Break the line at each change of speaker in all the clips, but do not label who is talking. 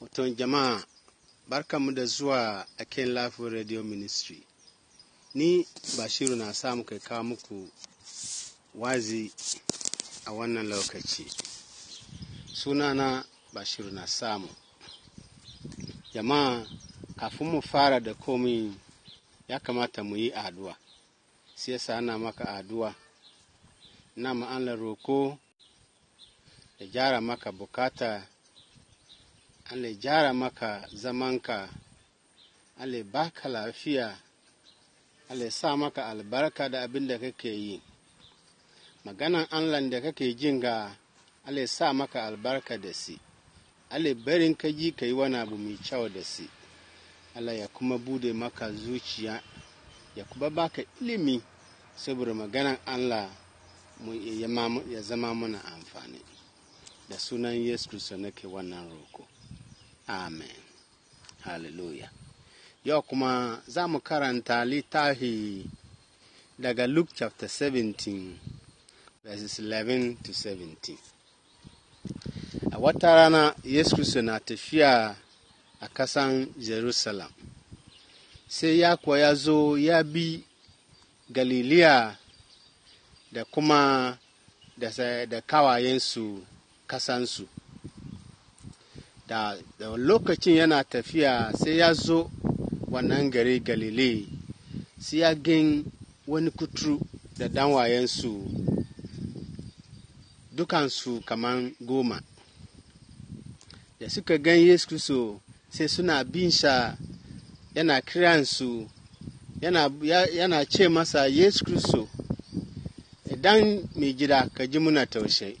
Mutum jama'a barkanmu da zuwa a Ken Life Radio Ministry. Ni Bashiru na samu kai kawo muku wazi a wannan lokaci. Sunana Bashiru na samu. Jama'a kafin mu fara da komi ya kamata mu yi aduwa Sai yasa ana maka aduwa Na ma'anar roko da gyara maka bukata Allah gyara maka zamanka, Allah baka lafiya, Allah sa maka albarka da abin da kake yi. Maganan Allah da kake jin ga Allah sa maka albarka da si, Allah barin ka yi ka yi wani abu mai kyau da si, Allah ya kuma bude maka zuciya, ya kuma baka ilimi saboda maganan Allah ya zama mana amfani. Da sunan Yesu Kristo nake wannan roko. Amen. Hallelujah. Yau kuma za mu karanta littafi daga Luke chapter 17, verses 11 to 17. A wata rana Yesu suna na tafiya a kasan Jerusalem, sai ya kuwa ya zo ya bi Galiliya da kuma da kawayensu kasansu. da, lokacin yana tafiya sai ya zo wannan gari galilei sai ya gan wani kuturu da danwayensu dukansu kaman goma da suka gan yesu kristo sai suna bin sha yana kiransu yana, yana ce masa yesu kristo idan mai gida ka ji muna taushe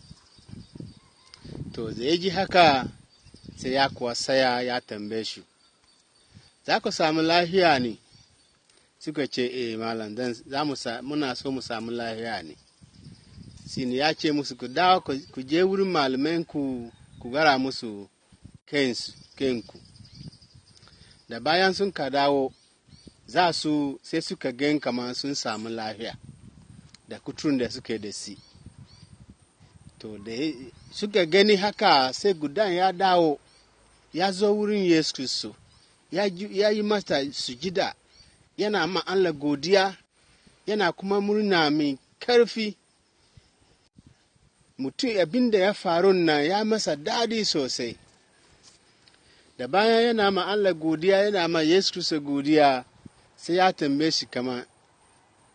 to zai ji haka sai ya kuwa saya ya tambaye shi za ku samu lahiya ne suka ce e malam za mu muna so mu samu lahiya ne sin ya ce musu ku dawo ku je wurin malamai ku ku gara musu kenku da bayan sun ka dawo za su sai suka gan kama sun samu lahiya da kuturin da suke da si to da suka gani haka sai gudan ya dawo ya zo wurin yesu kristo ya yi mata sujida yana ma Allah godiya yana kuma murna mai karfi mutum abin da ya faru na ya masa daɗi sosai da bayan yana ma Allah godiya yana ma yesu kristo godiya sai ya tambaye shi kama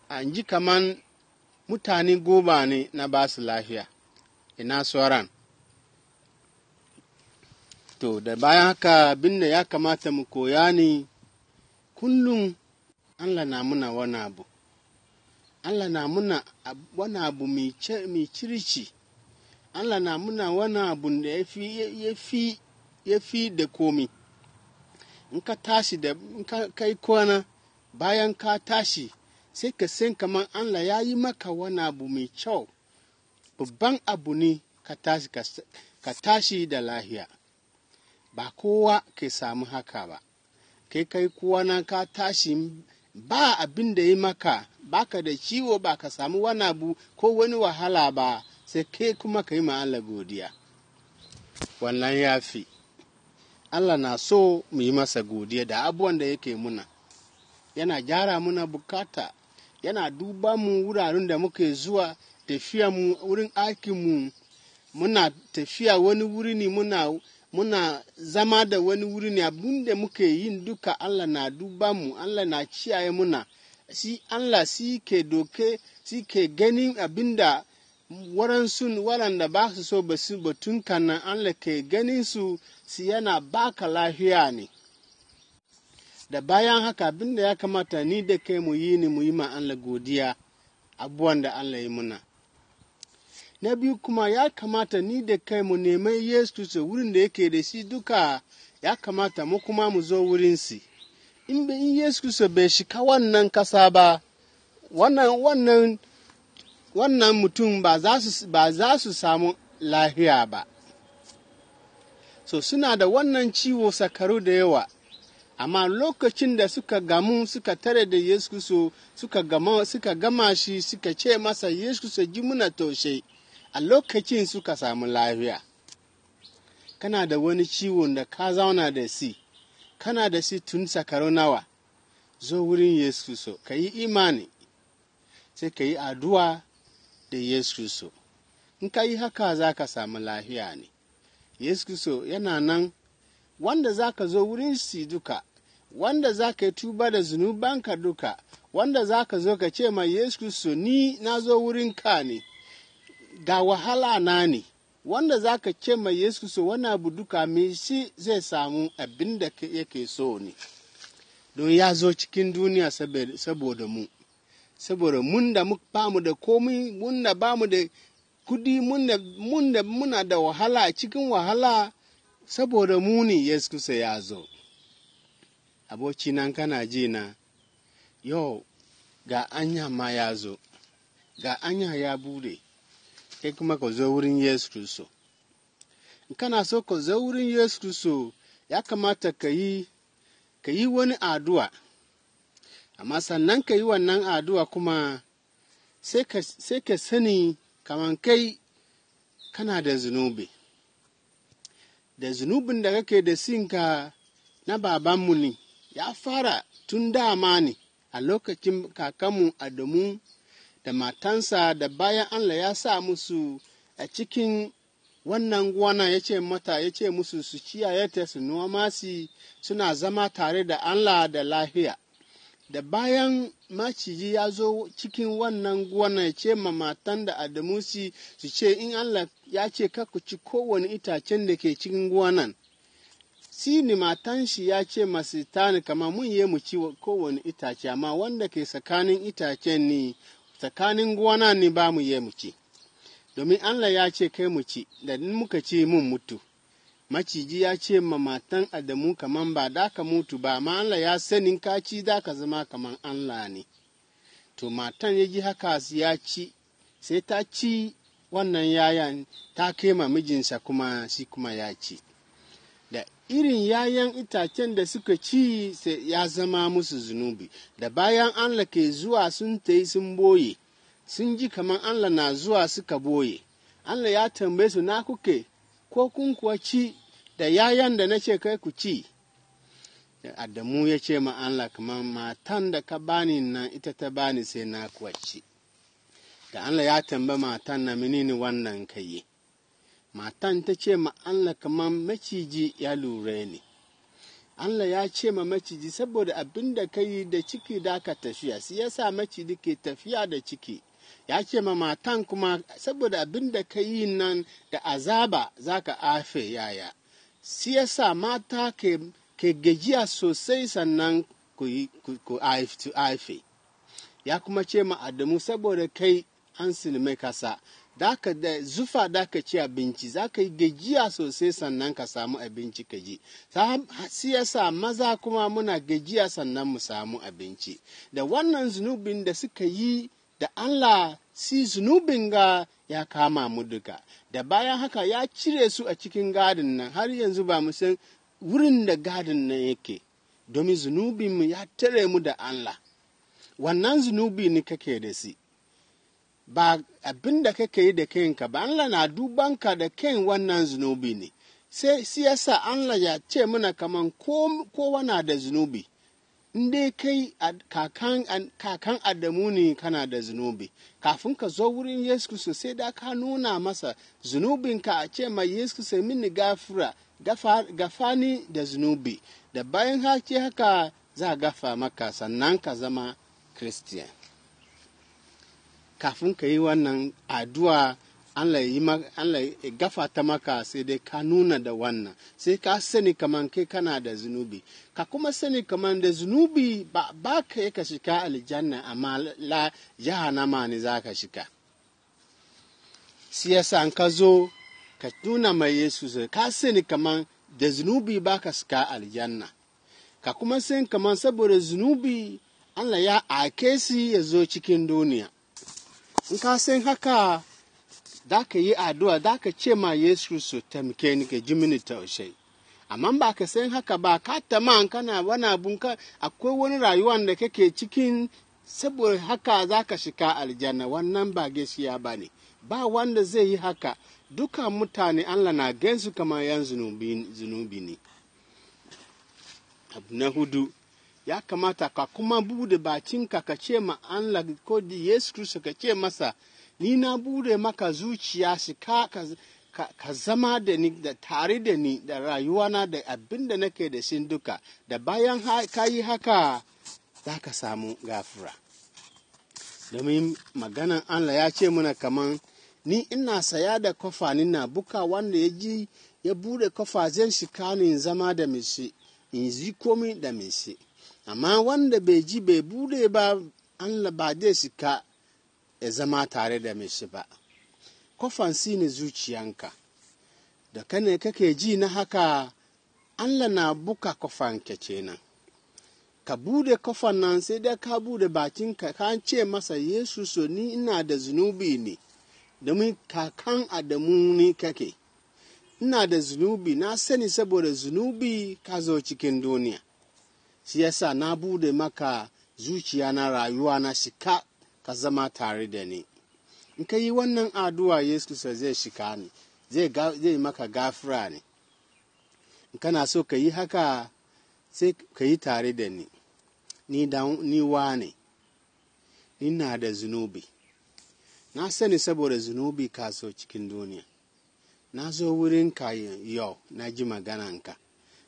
an ji kaman mutane goma ne na basu lafiya ina sauran To, da bayan haka binne ya kamata mu koya ne, kullum Allah na muna wani abu, Allah na muna wani abu mai cirici, Allah na muna wani abu da ya fi da komi. In ka tashi da in ka kai kwana bayan ka tashi, sai ka san kamar Allah ya yi maka wani abu mai kyau, babban abu ne ka tashi da lahiya. ba kowa ke samu haka ba kai kai na ka tashi ba abin da yi maka baka da ciwo ba ka samu wani abu ko wani wahala ba sai kai kuma ka yi Allah godiya wannan ya fi Allah na so mu yi masa godiya da abubuwan da yake muna yana gyara muna bukata yana duba mu wuraren da muke zuwa tafiya mu wurin aikinmu muna tafiya wani wuri ne muna muna zama da wani wuri ne abin da muke yin duka Allah na duba mu Allah na ciyaye muna shi Allah si ke doke si ke ganin abin da waransu waɗanda ba su so ba su batun kanan Allah ke ganin su si yana baka lafiya ne da bayan haka abinda ya kamata ni da kai mu yi ne mu yi ma Allah godiya abuwan da Allah ya muna na biyu kuma ya kamata ni da kai mu neman yesu su wurin da yake da shi duka ya kamata mu kuma mu zo wurinsi in yesu su bai shika wannan kasa ba wannan mutum ba za su samu lahiya ba so suna da wannan ciwo sakaru da yawa amma lokacin da suka gamu suka tare da yesu suka gama, shi suka ce masa yesu ji muna taushe a lokacin suka samu lafiya kana da wani ciwon da ka zauna da si kana da si tun sakaro zo wurin yesu so. ka yi imani sai ka yi addu'a da yesu so. in ka yi haka za ka samu lafiya ne yesu so yana nan wanda za ka zo wurin si duka wanda za ka yi tuba da zunubanka duka wanda za ka zo ka ce ma yesu so ni na zo wurin ka ne ga wahala na ne wanda za ka ce mai yesu so wani abu duka mai shi zai samu abin da yake so ne don ya zo cikin duniya saboda mu saboda mun da ba mu da komi mun da ba mu da kudi mun da muna da wahala cikin wahala saboda mu ne yesu so ya zo aboci nan kana ji na yau ga anya ma ya zo ga anya ya bude kai kuma ka zo wurin Yesu Kristo. In kana so ka zo wurin Yesu Kristo ya kamata ka yi ka yi wani addu'a, amma sannan ka yi wannan addu'a kuma sai ka sani kaman kai kana da zunubi. Da zunubin da kake da sinka na babanmu ne, ya fara tun dama ne a lokacin kakanmu Adamu da matansa da bayan Allah ya sa musu a cikin wannan gona ya ce mata ya ce musu su ciyaye ta su noma suna zama tare da Allah da lafiya. Da bayan maciji ya zo cikin wannan gona ya ce ma matan da Adamusi su ce in Allah ya ce ku ci kowane itacen da ke cikin gonan. Sini matan shi ya ce masu tani kama mun yi mu ci kowane itace amma wanda ke tsakanin itacen ne tsakanin gona ne ba mu yi mu ci, domin Allah ya ce kai mu ci, da muka ce mun mutu. Maciji ya ce ma matan Adamu kaman ba da ka mutu ba, amma Allah ya sanin ka ci da ka zama kaman Allah ne. To matan ya ji haka ya ci, sai ta ci wannan yayan ta kai ma mijinsa kuma shi kuma ya ci. irin yayan itacen da suka ci ya zama musu zunubi da bayan Allah ke zuwa sun tayi sun boye sun ji kamar Allah na zuwa suka boye Allah ya tambaye su na kuke ko kun kuwa ci da yayan da na ce kai ku ci Adamu ya ce ma Allah kamar matan da ka bani na ita ta bani sai na kuwa ci da Allah ya tambaye matan na menene wannan kai matan ta ce ma Allah kamar maciji ya lura ne. Allah ya ce ma maciji saboda abin da ka yi da ciki da ka tafiya, su ya sa maciji ke tafiya da ciki. Ya ce ma matan kuma saboda abin da ka yi nan da azaba za ka afe yaya. Su ya sa mata ke, gajiya sosai sannan ku aife. Ya kuma ce ma Adamu saboda kai an silme kasa daka da zufa ka ci abinci za ka yi gajiya sosai sannan ka samu abinci ka ji siyasa maza kuma muna gajiya sannan mu samu abinci da wannan zunubin da suka yi da allah si zunubin ga ya kama mu duka da bayan haka ya cire su a cikin gadin nan har yanzu ba mu san wurin da gadin nan yake domin zunubinmu ya tare mu da allah wannan zunubi ne kake da si ba abin da kake yi da kanka ba Allah na dubanka da kan wannan zunubi ne sai siyasa Allah ya ce mana kaman kowa na da zunubi dai kai kakan adamu ne kana da zunubi kafin ka zo wurin yesu kristo sai da ka nuna masa zunubinka a ce ma yesu kristo mini gafura gafani da zunubi da bayan hake haka za gafa maka sannan ka zama kristiyan. kafin ka yi wannan addu'a Allah ya gafata maka sai dai ka nuna da wannan sai ka sani kaman kai kana da zunubi ka kuma sani kaman da zunubi ba, ba ka yi ka shika aljanna amma la jahannama ne za ka shika siyasa an ka zo ka tuna mai yesu ka sani kaman da zunubi ba ka shika aljanna ka kuma sani kaman saboda zunubi Allah ya ake si ya zo cikin duniya in ka san haka da ka yi addu'a da ka ce ma yesu su taimake ni ka ji mini taushe amma ba ka san haka ba ka taman kana wani abun ka akwai wani rayuwa da kake cikin saboda haka za ka shiga aljanna wannan ba gaskiya ba ne ba wanda zai yi haka duka mutane allah na gansu kamar yan zunubi ne abu na hudu ya kamata ka kuma bude bakinka ka ce ma Allah ko Yesu Kristo ka ce masa ni na bude maka zuciya shi ka ka, zama da ni da tare da ni da rayuwana da abin da nake da shi duka da bayan ka yi haka za ka samu gafura domin maganan Allah ya ce mana kaman ni ina saya da kofa ni na buka wanda ya ji ya bude kofa zai shi kanin zama da mishi in ji komi da mishi amma wanda bai ji bai bude ba allah ba zai shika ya zama tare da mai shi ba kofan si ne zuciyanka da kane kake ji na haka allah na buka kofan ke kenan ka bude kofan nan sai dai ka bude bakin ka ce masa yesu so ni ina da zunubi ne domin kakan adamu ni kake ina da zunubi na sani saboda zunubi ka zo cikin duniya shi yasa na bude maka zuciya na rayuwa na shika ka zama tare da ni in ka yi wannan addu'a yesu kristo zai shika ni zai maka gafira ne in kana so ka yi haka sai ka yi tare da ni ni ni wa ne na da zunubi na sani saboda zunubi ka so cikin duniya na zo wurin ka yau na ji magananka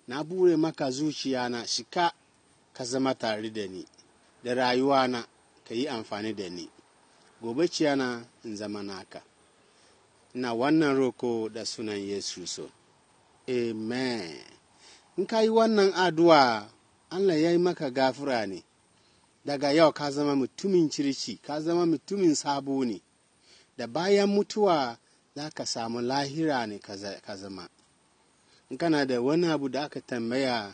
na bure maka zuciya na shika ka zama tare da ni da rayuwa na ka yi amfani da ni gobe ciyana in zama naka na wannan roko da sunan yesu so amen in ka yi wannan addu'a allah ya yi maka gafura ne daga yau ka zama mutumin cirici ka zama mutumin sabo ne da bayan mutuwa za ka samu lahira ne ka zama in kana da wani abu da aka tambaya